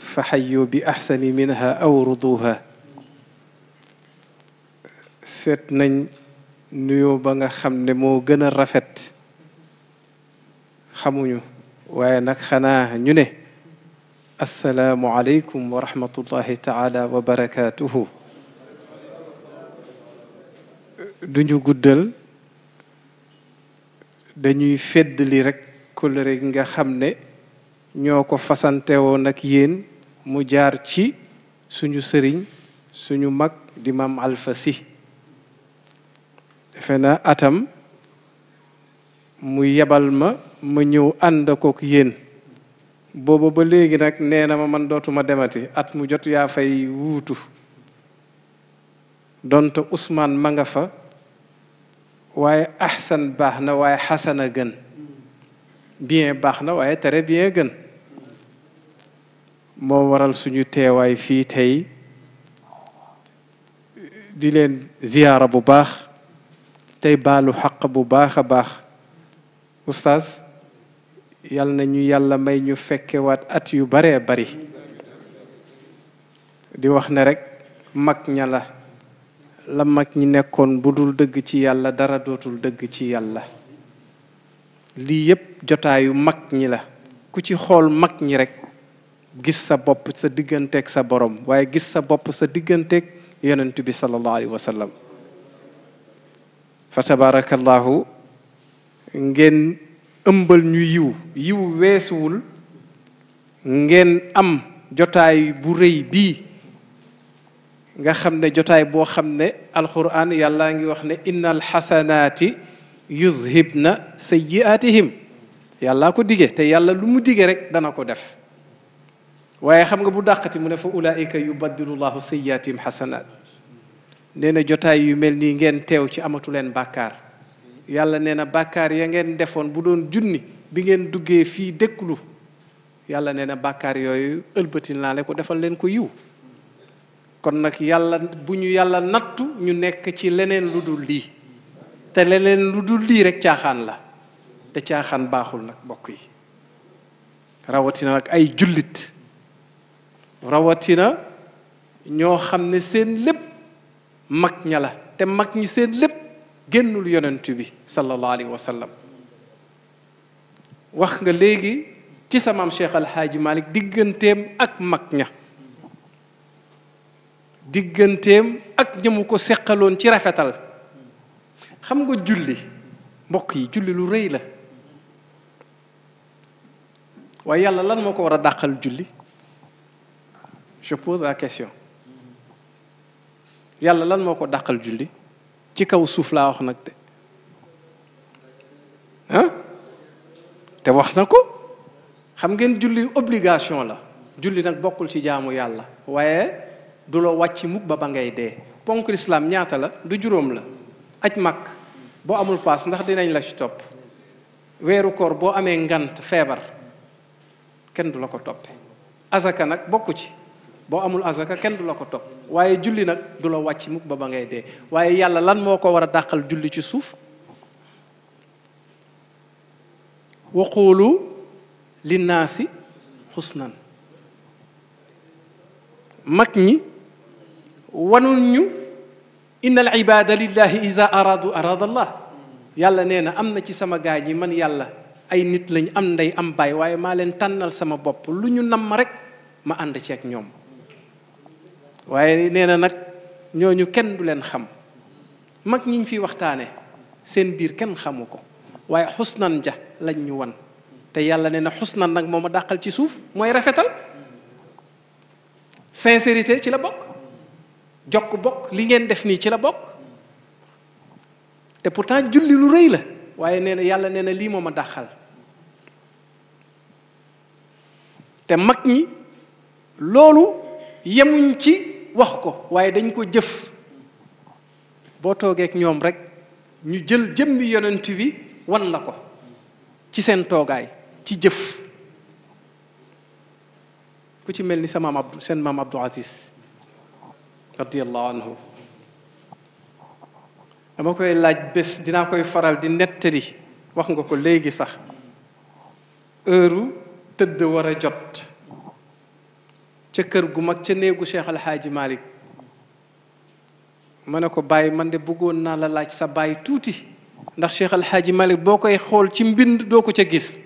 fa xayu bi axsani minha aw ruduha seet nañ nuyoo ba nga xam ne moo gën a rafet xamuñu waaye nag xanaa ñu ne assalaamu aleykum wa rahmatullahi taala wa barakaatuhu duñu guddal dañuy feddali rek kóllëre gi nga xam ne ñoo ko fasante woon ak yéen mu jaar ci suñu sëriñ suñu mag di maam Alfa Si defe na atam mu yebal ma ma ñëw ànd kook yéen booba ba léegi nag nee na ma man dootuma demati at mu jot yaa fay wuutu donte Ousmane ma nga fa waaye ahsan baax na waaye xasana gën bien baax na waaye très bien gën moo waral suñu teewaay fii tey di leen ziyaara bu baax tey baalu xaq bu baax a baax oustaz yal na ñu yàlla may ñu fekkewaat at yu baree bari di wax ne rekk mag ña la la mag ñi nekkoon bu dul dëgg ci yàlla dara dootul dëgg ci yàlla lii yépp jotaayu mag ñi la ku ci xool mag ñi rekk gis sa bopp sa digganteek sa borom waaye gis sa bopp sa digganteeg yonent bi sallallahu alayhi wa sallam tabarakallahu ngeen ëmbal ñu yiw yiw weesuwul ngeen am jotaay bu rëy bii nga xam ne jotaay boo xam ne alquran yàlla ngi wax ne inna alxasanaati yuzhibna sayyiatihim yàlla ko dige te yàlla lu mu dige rek dana ko def waaye xam nga bu dàqati mu ne fa ulaayika yubaddilu llahu sayyiaatihim xasanaat nee na jotaay yu mel nii ngeen teew ci amatu leen bàkkaar yàlla nee na bàkkaar ya ngeen defoon bu doon junni bi ngeen duggee fii dëkklu yàlla nee na bàkkaar yooyu ëlbatin naa le ko defal leen ko yiw kon nag yàlla bu ñu yàlla nattu ñu nekk ci leneen lu dul lii te leneen lu dul lii rek caaxaan la te caaxaan baaxul nag bokk yi rawatina nag ay jullit rawatina ñoo xam ne seen lépp mag ña la te mag ñi seen lépp génnul yonent bi sallallahu alayhi wa wax nga léegi ci sa maam Cheikh Alhaaji Malick digganteem ak mag ña digganteem ak ñamu ko seqaloon ci rafetal xam nga julli mbokk yi julli lu rëy la waaye yàlla lan moo ko war a dàqal julli je pose la question yàlla lan moo ko dàqal julli ci kaw suuf laa wax nag de te wax na ko xam ngeen julli obligation la julli nag bokkul ci jaamu yàlla waaye du la wàcc mukk ba ba ngay dee ponk lislaam ñaata la du juróom la aj mag boo amul paas ndax dinañ la ci topp weeru koor boo amee ngant feebar kenn du la ko topp azaka nag bokku ci boo amul azaka kenn du la ko topp waaye julli nag du la wàcc mukk ba ba ngay dee waaye yàlla lan moo ko war a dàqal julli ci suuf waqulu linnaasi xusnan mag ñi wanul ñu inna al ibada lillahi ida aradu arada yàlla nee na am na ci sama gaay yi man yàlla ay nit lañ am ndey am baay waaye maa leen tànnal sama bopp lu ñu namm rek ma ànd ceeg ñoom waaye nee na nag ñooñu kenn du leen xam mag ñiñ fi waxtaane seen biir kenn xamu ko waaye xusnan ja lañ ñu wan te yàlla nee na xusnan nag moom a dàqal ci suuf mooy rafetal sincérité ci la bokk jokk bokk li ngeen def nii ci la bokk te pourtant julli lu rëy la waaye nee na yàlla nee na lii moo ma dàqal te mag ñi loolu yemuñ ci wax ko waaye dañ ko jëf boo toogeek ñoom rek ñu jël jëmmi yonent bi wan la ko ci seen toogaay ci jëf ku ci mel ni sa maam Abdou seen maam Abdou Aziz radiallahu anhu dama koy laaj bés dinaa koy faral di nettali wax nga ko léegi sax heure tëdd war a jot ca kër gu mag ca néegu Cheikh xaaji malik ma ne ko bàyyi man de bëggoon naa la laaj sa bàyyi tuuti ndax Cheikh xaaji Malick boo koy xool ci mbind doo ko ca gis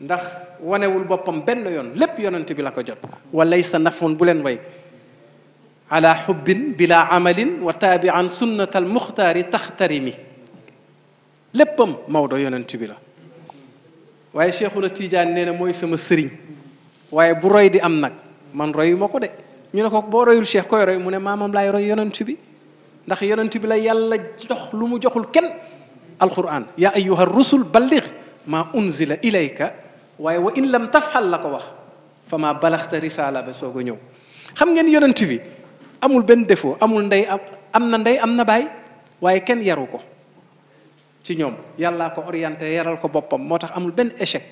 ndax wanewul boppam benn yoon lépp yonent bi la ko jot walay sa nafoon bu leen way ala xubbin bila amalin wa taabian sunnata almuxtaari mi léppam Maodo yonent bi la waaye na Tidiane nee na mooy sama sëriñ waaye bu roy di am nag man royu ma ko de ñu ne ko boo royul cheikh koy roy mu ne maamam laay roy yonent bi ndax yonent bi la yàlla jox lu mu joxul kenn alquran yaa ayyuha rusul balligh maa unzila ilayka waaye wa in lam tafxal la ko wax fa maa balaxta risala ba soog a ñëw xam ngeen yonent bi amul benn défaut amul ndey am na ndey am na baay waaye kenn yaru ko ci ñoom yàllaa ko orienté yaral ko boppam moo tax amul benn échec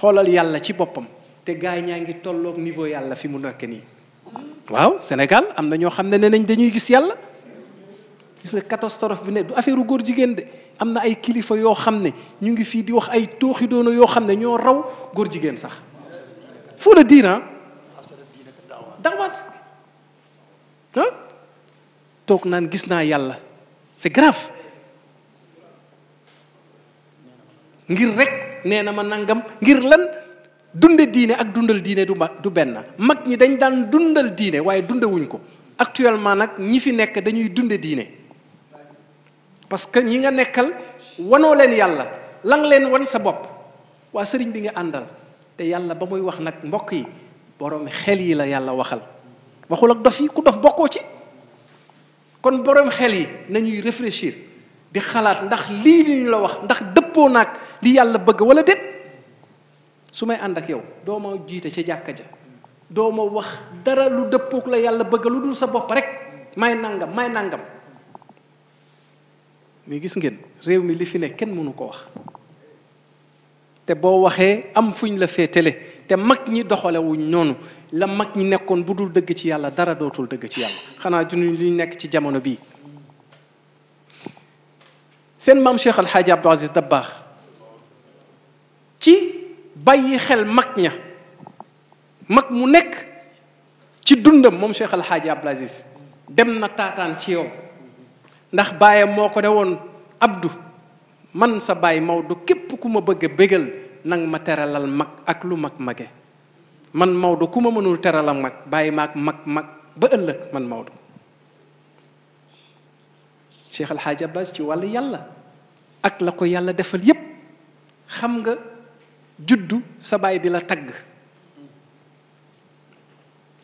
xoolal yàlla ci boppam te gaay ñaa ngi tollook niveau yàlla fi mu nekk nii hmm? waaw Sénégal am na ñoo xam ne ne nañ dañuy gis yàlla gis nga catastrophe bi ne du affaire góor jigéen de am na ay kilifa yoo xam ne ñu ngi fii di wax ay tooxi doona yoo xam ne ñoo raw góor jigéen sax faut le dire ah daawaat toog naan gis naa yàlla c'est grave ngir rek nee na ma nangam ngir lan dunde diine ak dundal diine du ma du benn mag ñi dañ daan dundal diine waaye dundewuñ ko actuellement nag ñi fi nekk dañuy dunde diine parce que ñi nga nekkal wanoo leen yàlla lang leen wan sa bopp waa sëriñ bi nga àndal te yàlla ba muy wax nag mbokk yi borom xel yi la yàlla waxal waxul ak dof yi ku dof bokkoo ci kon boroom xel yi nañuy réfléchir di xalaat ndax lii ñu la wax ndax dëppoo naag li yàlla bëgg wala déet su may ànd ak yow dooma jiite ca jàkka ja dooma wax dara lu dëppook la yàlla bëgg lu dul sa bopp rek may nàngam may nàngam mais gis ngeen réew mi li fi ne kenn mënu ko wax te boo waxee am fuñ la féetale te mag ñi doxalewuñ noonu la mag ñi nekkoon bu dul dëgg ci yàlla dara dootul dëgg ci yàlla xanaa junuñ li nekk ci jamono bii seen maam Cheikh Al Hadj Abdou Aziz Dabakh bàyyi xel mag ña mag mu nekk ci dundam moom Cheikh Al Hadj Abdoul dem na taataan ci yow ndax baayam moo ko ne woon Abdou man sa baay Maodo képp ku ma bëgg a bégal nang ma teralal mag ak lu mag mage man Maodo ku ma mënul teralal mag bàyyi maag mag mag ba ëllëg man Maodo Cheikh Al Hadj Abdoul Aziz ci wàllu yàlla ak la ko yàlla defal yépp xam nga. juddu sa baay di la tagg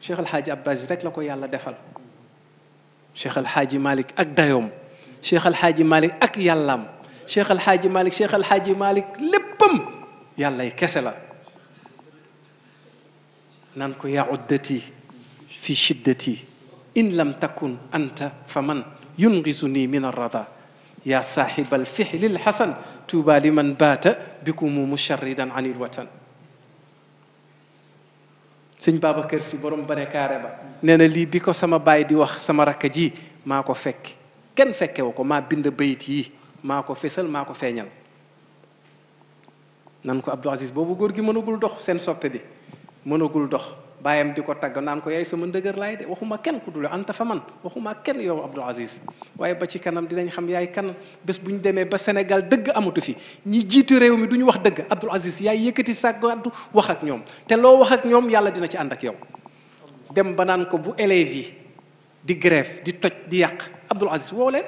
Cheikh El Hadj rek la ko yàlla defal Cheikh El malik ak dayom Cheikh El malik ak yàllaam Cheikh El Hadj Malick Cheikh El Hadj Malick yàllay kese la naan ko yaa uddati fi shiddati in lam takun anta fa man yungisu nii min arrada yaa saaxibal fixlil xasan tuuba li man baata bikumu musharridan anil watan sëñ Babacar si borom barekaare ba nee na lii bi ko sama baay di wax sama rakk ji maa ko fekk kenn fekkewu ko maa bind bayit yi maa ko fesal maa ko feeñal nan ko Abdou Aziz boobu góor gi mënagul dox seen soppe bi mënagul dox bàyyam di ko tagg naan ko yaay sama ndëgër laay de waxuma kenn ku dul anta fa man waxuma kenn yow Abdou Aziz waaye ba ci kanam dinañ xam yaay kan bés bu ñu demee ba Sénégal dëgg amatu fi ñi jiitu réew mi du ñu wax dëgg Abdou Aziz yaay yëkkati sàggantu wax ak ñoom te loo wax ak ñoom yàlla dina ci ànd ak yow dem ba naan ko bu élèves yi di grève di toj di yàq Abdou Aziz woo leen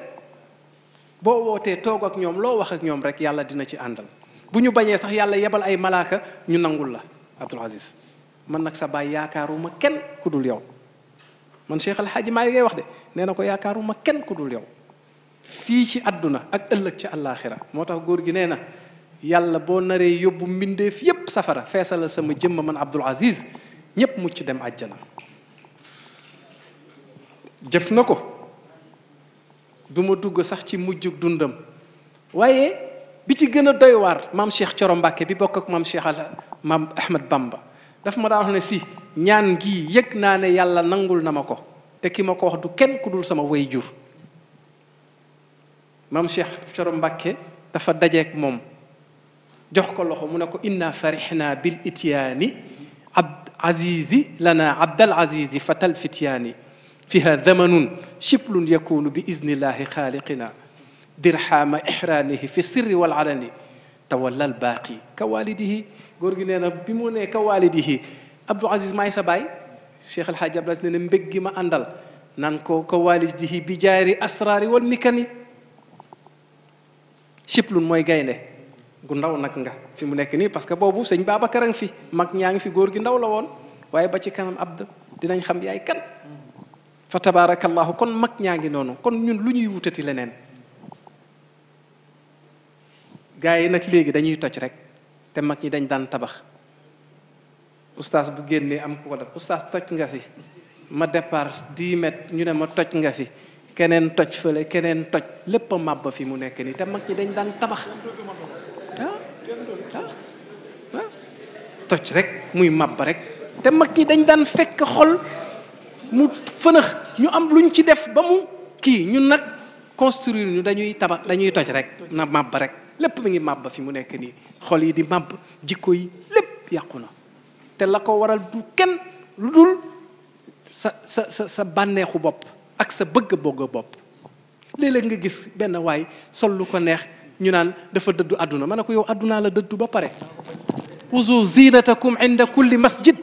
boo wootee toog ak ñoom loo wax ak ñoom rek yàlla dina ci àndal bu ñu bañee sax yàlla yebal ay malaaka ñu nangul la Abdou man nag sa baay yaakaaruma kenn ku dul yow man Cheikh Al maa Malick ngay wax de nee na ko yaakaaruma kenn ku dul yow fii ci àdduna ak ëllëg ci àllaaxira moo tax góor gi nee na yàlla boo naree yóbbu mbindeef yépp safara feesalal sama jëmm man Abdul Aziz ñépp mucc dem àjjana jëf na ko duma dugg sax ci mujj dundam waaye bi ci gën a doy maam Cheikh Coro Mbàkke bi bokk ak maam Cheikh maam Ahmad Bamba daf ma daan wax ne si ñaan gi yëg naa ne yàlla nangul na ma ko te ki ma ko wax du kenn ku dul sama way jur maam Cheikh Coro Mbàkke dafa dajeeg moom jox ko loxo mu ne ko inna farixna bil ityaani abd azizi lana abdal azizi fatal fityaani fiha zamanun shiblun yakunu bi iznillahi xaaliqina dirhama ihraanihi fi sirri wal alani tawalla al baaqi ka walidihi góor gi nee na bi mu nee ka waalidihi Abdou Aziz maay sa baay Cheikh El Hadj Abdou Aziz mbég gi ma àndal naan ko ka waalidihi bi jaari asraari wal mikani lu mooy gaynde gu ndaw nag nga fi mu nekk nii parce que boobu sëñ Babacar a ngi fi mag ñaa ngi fi góor gi ndaw la woon waaye ba ci kanam abd dinañ xam yaay kan fa tabarakallahu kon mag ñaa ngi noonu kon ñun lu ñuy wutati leneen gaa yi nag léegi dañuy toj rek te mag ñi dañ daan tabax oustaz bu génnee am ku ko def toj nga fi ma départ 10 ñu ne ma toj nga fi keneen toj fële keneen toj lépp a màbb fi mu nekk nii te mag ñi dañ daan tabax ah, ah, ah. toj rek muy màbb rek te mag ñi dañ daan fekk xol mu fënax ñu am luñ ci def ba mu kii ñun nag construire ñu dañuy tabax dañuy toj rek na màbb rek lépp mi ngi màbb fi mu nekk nii xool yi di màbb jikko yi lépp yàqu na te la ko waral du kenn lu dul sa sa sa sa bànneexu bopp ak sa bëgg bëgg bopp léeg nga gis benn waay sol ko neex ñu naan dafa dëddu àdduna ma ne ko yow àddunaa la dëddu ba pare xuzu zinatakum inda kulli masjid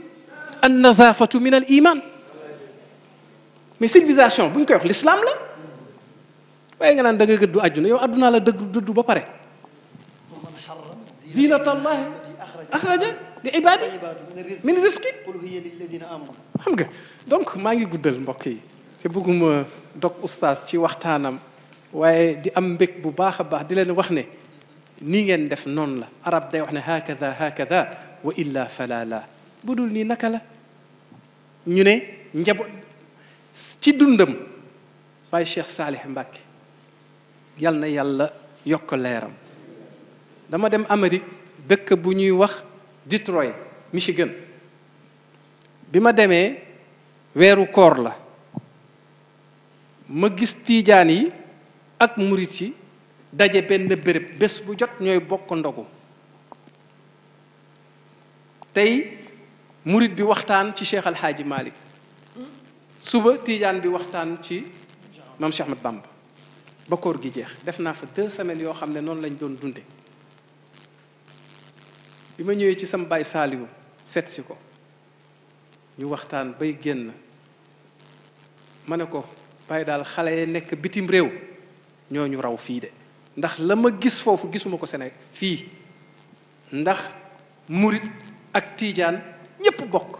an nazafatu min al iman mais civilisation bu koy wax l'islam la nga naan da nga gëddu àdduna yow àddunaa la dëddu dëddu ba pare zinata allahi axraja li ibaadi min riski xam nga donc maa ngi guddal mbokk yi te bëgguma dog oustaz ci waxtaanam waaye di am mbég bu baax a baax di leen wax ne nii ngeen def noonu la arab day wax ne hakada hakada wa illa fala la nii naka la ñu ne njaboot ci dundam Baye Cheikh Saalih Mbacke yal na yàlla yokk leeram dama dem Amérique dëkk bu ñuy wax Detroit Michigan bi ma demee weeru koor la ma gis tiijaan yi ak murit yi daje benn béréb bés bu jot ñooy bokk ndogu tey murit bi waxtaan ci Cheikh Al Hadji suba tiijaan bi waxtaan ci maam Cheikh Ahmad Bamba ba koor gi jeex def naa fa deux semaines yoo xam ne noonu lañ doon dunde bi ma ñëwee ci sama baay Saaliwu seet si ko ñu waxtaan bay génn ma ne ko bàyyi daal xale yi nekk bitim réew ñoo ñu raw fii de ndax la ma gis foofu gisuma ko Sénégal fii ndax murit ak tiijaan ñépp bokk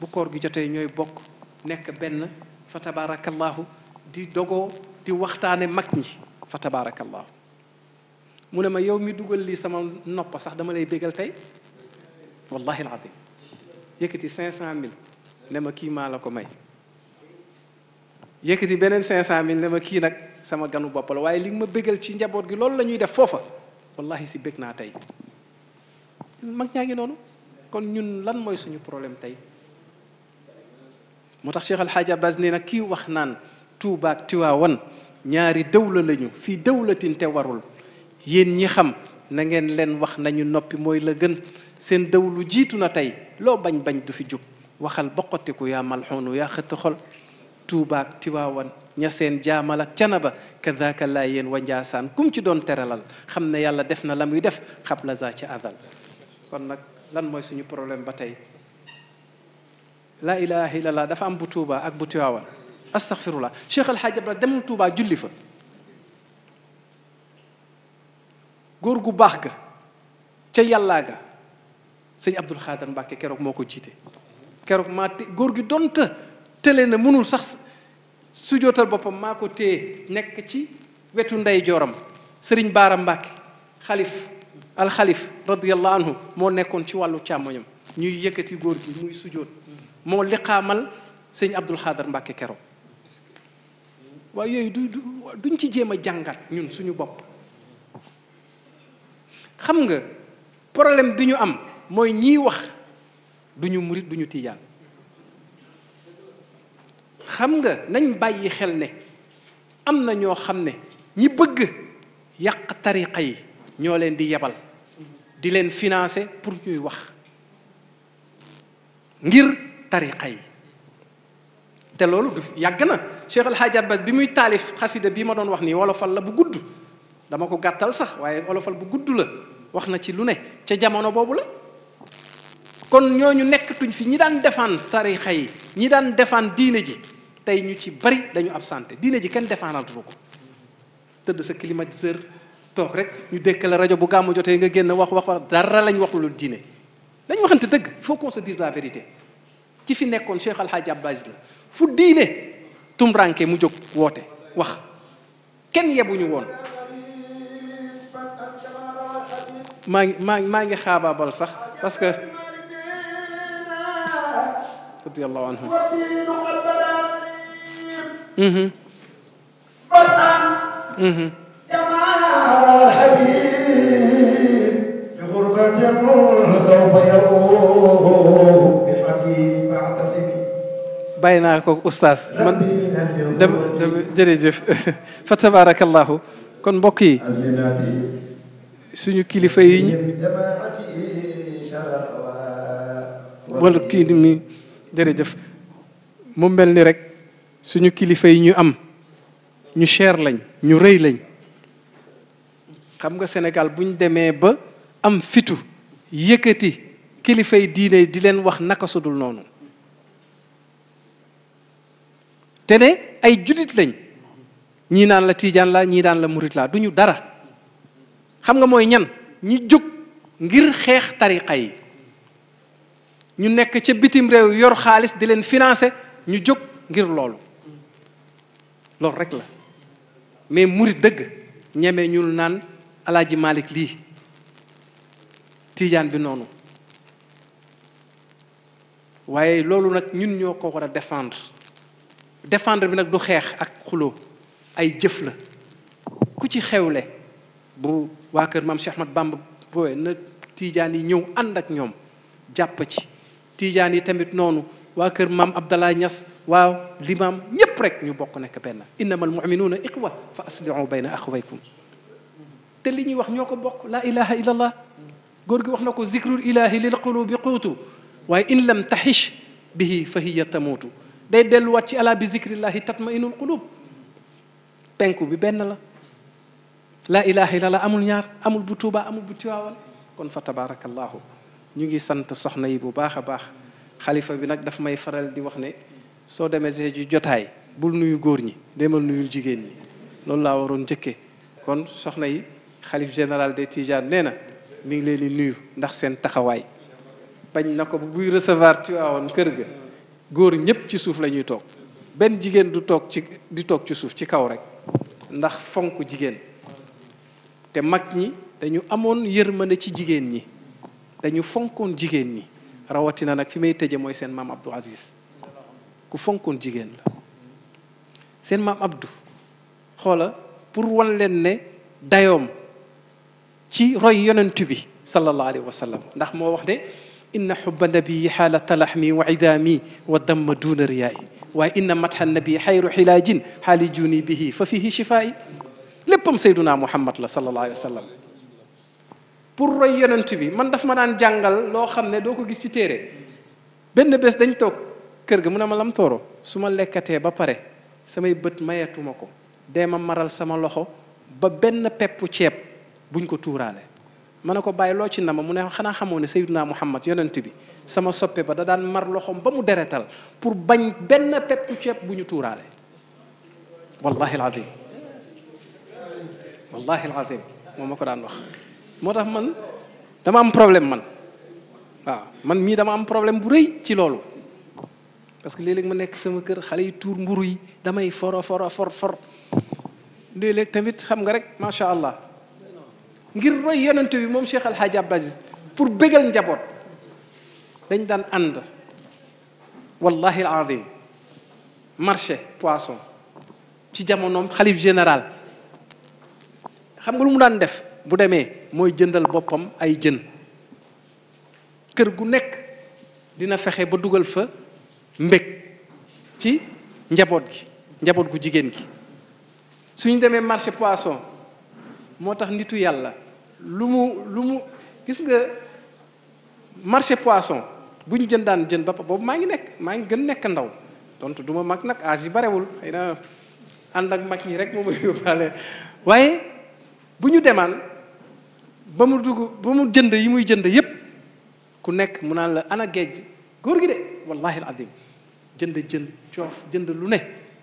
bu koor gi jotee ñooy bokk nekk benn fa tabaarakallaahu di dogoo di waxtaane mag ñi fa tabaarakallaahu mu ne ma yow mi dugal lii sama nopp sax dama lay bégal tey wallahi alazim yëkkati cinq cent ne ma kii maa la ko may yëkkati beneen cinq cent mille ne ma kii nag sama ganu bopp la waaye li nga ma bégal ci njaboot gi loolu la ñuy def foofa wallahi si bég naa tey mag ñaa ngi noonu kon ñun lan mooy suñu problème tey moo tax Cheikh Al Hadj Abbas nee kii wax naan Touba ak Tiwaawan ñaari dawla lañu fii dawlatin te warul yéen ñi xam na ngeen leen wax nañu noppi mooy la gën seen dawlu jiitu na tey loo bañ bañ du fi jub waxal boqatiku yaa malxoonu yaa xëtt xol tuubaak tiwaawan ña seen jaamal ak canaba kadaka laa yéen wa njaasaan kum ci doon teralal xam ne yàlla def na la muy def xab la ci adal kon nag lan mooy suñu problème ba tey la ilaha illallah dafa am bu tuubaa ak bu tiwaawan astaghfirullah cheikh alhaaj abra demul tuubaa julli fa góor gu baax ga ca yàllaa ga sëñ Abdul Xaadar Mbàkke keroog moo ko jiite keroog maa góor gi donta tële na mënul sax su jootal boppam maa ko téye nekk ci wetu ndeyjooram sëriñ Baara Mbàkke xalif alxalif radiallahu anhu moo nekkoon ci wàllu càmmoñam ñuy yëkkati góor gi muy sujoot moo liqaamal sëñ Abdul Xaadar Mbàkke keroog waa yooyu du duñ ci jéem a jàngat ñun suñu bopp xam nga problème bi ñu am mooy ñiy wax duñu ñu murit du tiijaan xam nga nañ bàyyi xel ne am na ñoo xam ne ñi bëgg yàq tariqa yi ñoo leen di yebal di leen financer pour ñuy wax ngir tariqa yi te loolu du yàgg na Cheikh Al Hadj bi muy taalif xasida bi ma doon wax nii wolofal la bu gudd dama ko gàttal sax waaye olofal bu gudd la wax na ci lu ne ca jamono boobu la kon ñooñu nekkatuñ fi ñi daan defaan tarixa yi ñi daan defaan diine ji tey ñu ci bari dañu absenté diine ji kenn defaanatu ko tëdd sa climatiseur toog rek ñu dékk la rajo bu gàmmu jotee nga génn wax wax wax dara lañ waxul lu diine lañ waxante dëgg il faut qu'on se la vérité ki fi nekkoon Cheikh Al Hadj Abdou Aziz la fu diine tumranke mu jóg woote wax kenn yebuñu woon maa ngi maa ngi maa ngi xaabaabal sax parce que radiyallahu anhum mm-hmm. mm-hmm. bàyyi naa ko oustaz man dem dem jërëjëf fa tabarakallahu kon mbokk yi suñu kilifa yi jërëjëf mu mel ni rek suñu kilifa yi ñu am ñu cher lañ ñu rëy lañ xam nga senegal buñ demee ba am fitu yëkkati kilifa yi di leen wax naka noonu te ay julit lañ ñii naan la tiijaan la ñii daan la murit la duñu dara xam nga mooy ñan ñi jóg ngir xeex tariqa yi ñu nekk ca bitim réew yor xaalis di leen financé ñu jóg ngir lool loolu rek la mais murit dëgg ñeme ñul naan alaaji Malick lii tiijaan bi noonu waaye loolu nag ñun ñoo ko war a défendre défendre bi nag du xeex ak xuloo ay jëf la ku ci xewle bu waa kër mam Cheikh Ahmad Bamba booyee na tiijaan yi ñëw ànd ñoom jàpp ci tiijaan yi tamit noonu waa kër maam Abdallah ñas waaw limaam ñépp rek ñu bokk nekk benn innamal muminuuna iqwa fa aslihu bayna axwaykum te li ñuy wax ñoo ko bokk laa ilaha illallah góor gi wax na ko zikrul ilahi lil qulubi quutu waaye in lam taxish bihi fa hiya tamuutu day delluwaat ci ala bi zikrillahi tatma inul qulub penku bi benn la laa ilaha illallah amul ñaar amul bu tuuba amul bu tiwaawal kon fa tabaarakallaahu ñu ngi sant soxna yi bu baax a baax xalifa bi nag dafa may faral di wax ne soo demee ji jotaay bul nuyu góor ñi demal nuyul jigéen ñi loolu laa waroon njëkkee kon soxna yi xalif général de Tidianes nee na mi ngi leen di nuyu ndax seen taxawaay bañ na ko buy recevoir Tiwaawoon kër ga góor ñëpp ci suuf la ñuy toog benn jigéen du toog ci di toog ci suuf ci kaw rek ndax fonk jigéen te mag ñi dañu amoon yërmande ci jigéen ñi dañu fonkoon jigéen ñi rawatina nag fi may tëje mooy seen maam Abdou ku fonkoon jigéen seen maam Abdou xoola pour wan leen ne dayoom ci roy yonent bi sallallahu alayhi ndax moo wax de inna xubba nabii xaala talaxmi wa idaami wa damma duuna riyaay waaye inna matxa xayru xilaajin xaali juuni bihi fa fihi shifaayi léppam sayduna muhammad la sallallahu alayhi wa sallam pour roy yonent bi man dafa ma daan jàngal loo xam ne doo ko gis ci téere benn bés dañ toog kër gi mu ne ma lam tooro su ma lekkatee ba pare samay bët mayatuma ko dee ma maral sama loxo ba benn peppu ceeb buñ ko tuuraale ma ne ko bàyyi loo ci nama mu ne xanaa xamoo ne sayduna muhammad yonent bi sama soppe ba da daan mar loxoom ba mu deretal pour bañ benn peppu ceeb bu ñu tuuraale wallahi alazim wallahi alazim moom ma ko daan wax moo tax man dama am problème man waaw man mii dama am problème bu rëy ci loolu parce que léeg-léeg ma nekk sama kër xale yi tuur mburu yi damay for a for for léeg-léeg tamit xam nga rek macha allah ngir roy yonente bi moom Cheikh Alhaji Abdou pour bégal njaboot dañ daan ànd wallahi alazim marché poisson ci jamonoom xalif général xam nga lu mu daan def bu demee mooy jëndal boppam ay jën kër gu nekk dina fexe ba dugal fa mbég ci njaboot gi njaboot gu jigéen gi su ñu demee marché poisson moo tax nitu yàlla lu mu lu mu gis nga marché poisson bu ñu jën daan jën ba boobu maa ngi nekk maa ngi gën nekk ndaw dont du ma mag nag âge yi barewul xëy na ànd mag ñi rek moo ma yóbbaale waaye bu ñu demaan ba mu dugg ba mu jënd yi muy jënd yépp ku nekk mu naan la ana géej góor gi de wallahi aladim jënd jënd coof jënd lu ne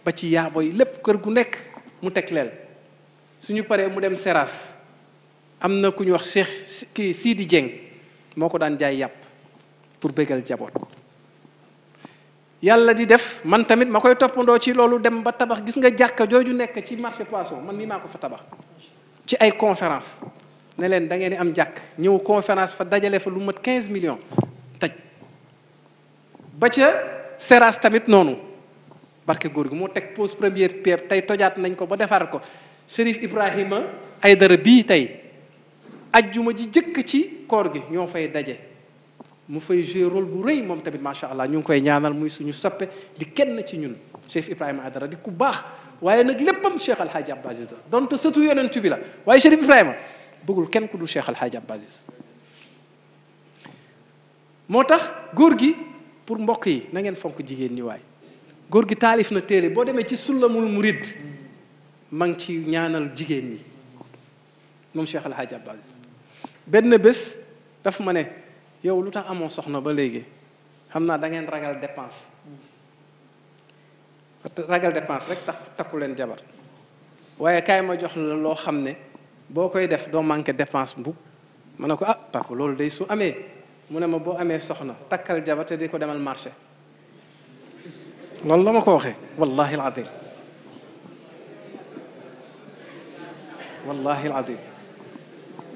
ba ci yaabo yi lépp kër gu nekk mu teg leel suñu paree mu dem Seras am na ku ñu wax Cheikh kii Sidi Dieng moo ko daan jaay yàpp pour bégal jaboot yàlla di def man tamit ma koy toppandoo ci loolu dem ba tabax gis nga jàkk jooju nekk ci marché poisson man mii maa ko fa tabax ci ay conférence ne leen da ngeen di am jàkk ñëw conférence fa dajale fa lu mat quinze millions taj ba ca Seras tamit noonu barke góor gi moo teg pose première pierre tey tojaat nañ ko ba defar ko Chérif Ibrahima Aydara bii tey ajjuma ji jëkk ci koor gi ñoo fay daje mu fay jouer rôle bu rëy moom tamit macha allah ñu ngi koy ñaanal muy suñu soppe di kenn ci ñun Chérif Ibrahima Aydara di ku baax waaye nag léppam Cheikh Al Hadj Abdou Aziz la donte sëtu yonent bi la waaye Chérif Ibrahima bëggul kenn ku du Cheikh Al Hadj moo tax góor gi pour mbokk yi na ngeen fonk jigéen ñi waay góor gi taalif na téere boo demee ci sullamul murid ma ngi ci ñaanal jigéen ñi moom Cheikh Al Hadj Abdou Aziz benn bés daf ma ne yow lu tax amoon soxna ba léegi xam naa da ngeen ragal dépense. ragal dépense rek tax takku leen jabar waaye kaay ma jox la loo xam ne boo koy def doo manqué dépense bu ma ne ko ah papa loolu dey su amee mu ne ma boo amee soxna takkal jabar te ko demal marché loolu la ma ko waxee wallahi alazim wallahi alazim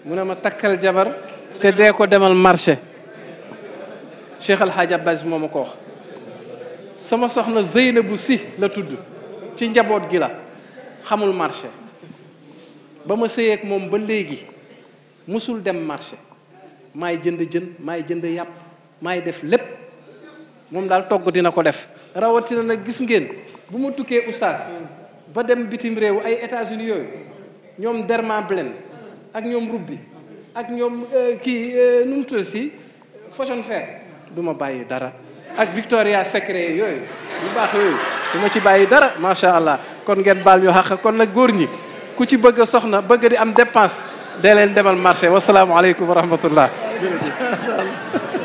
mu ne ma takkal jabar te dee ko demal marché Cheikh Al Hadj Abbas moo sama soxna bu si la tudd ci njaboot gi la xamul marché ba ma sëyeeg moom ba léegi musul dem marché maay jënd jën maay jënd yàpp maay def lépp moom daal togg dina ko def rawatina nag gis ngeen bu ma tukkee oustaz ba dem bitim réew ay États-Unis yooyu ñoom Derma Blend ak ñoom rubbi ak ñoom euh, kii euh, nu mu tudd si Fashion Fair du ma bàyyi dara ak Victoria Secret yooyu yu baax yooyu du ma ci bàyyi dara macha allah kon ngeen baal ñu xaq kon nag góor ñi ku ci bëgg a soxna bëgg di am dépense dee leen demal marché wasalaamualeykum wa rahmatullah.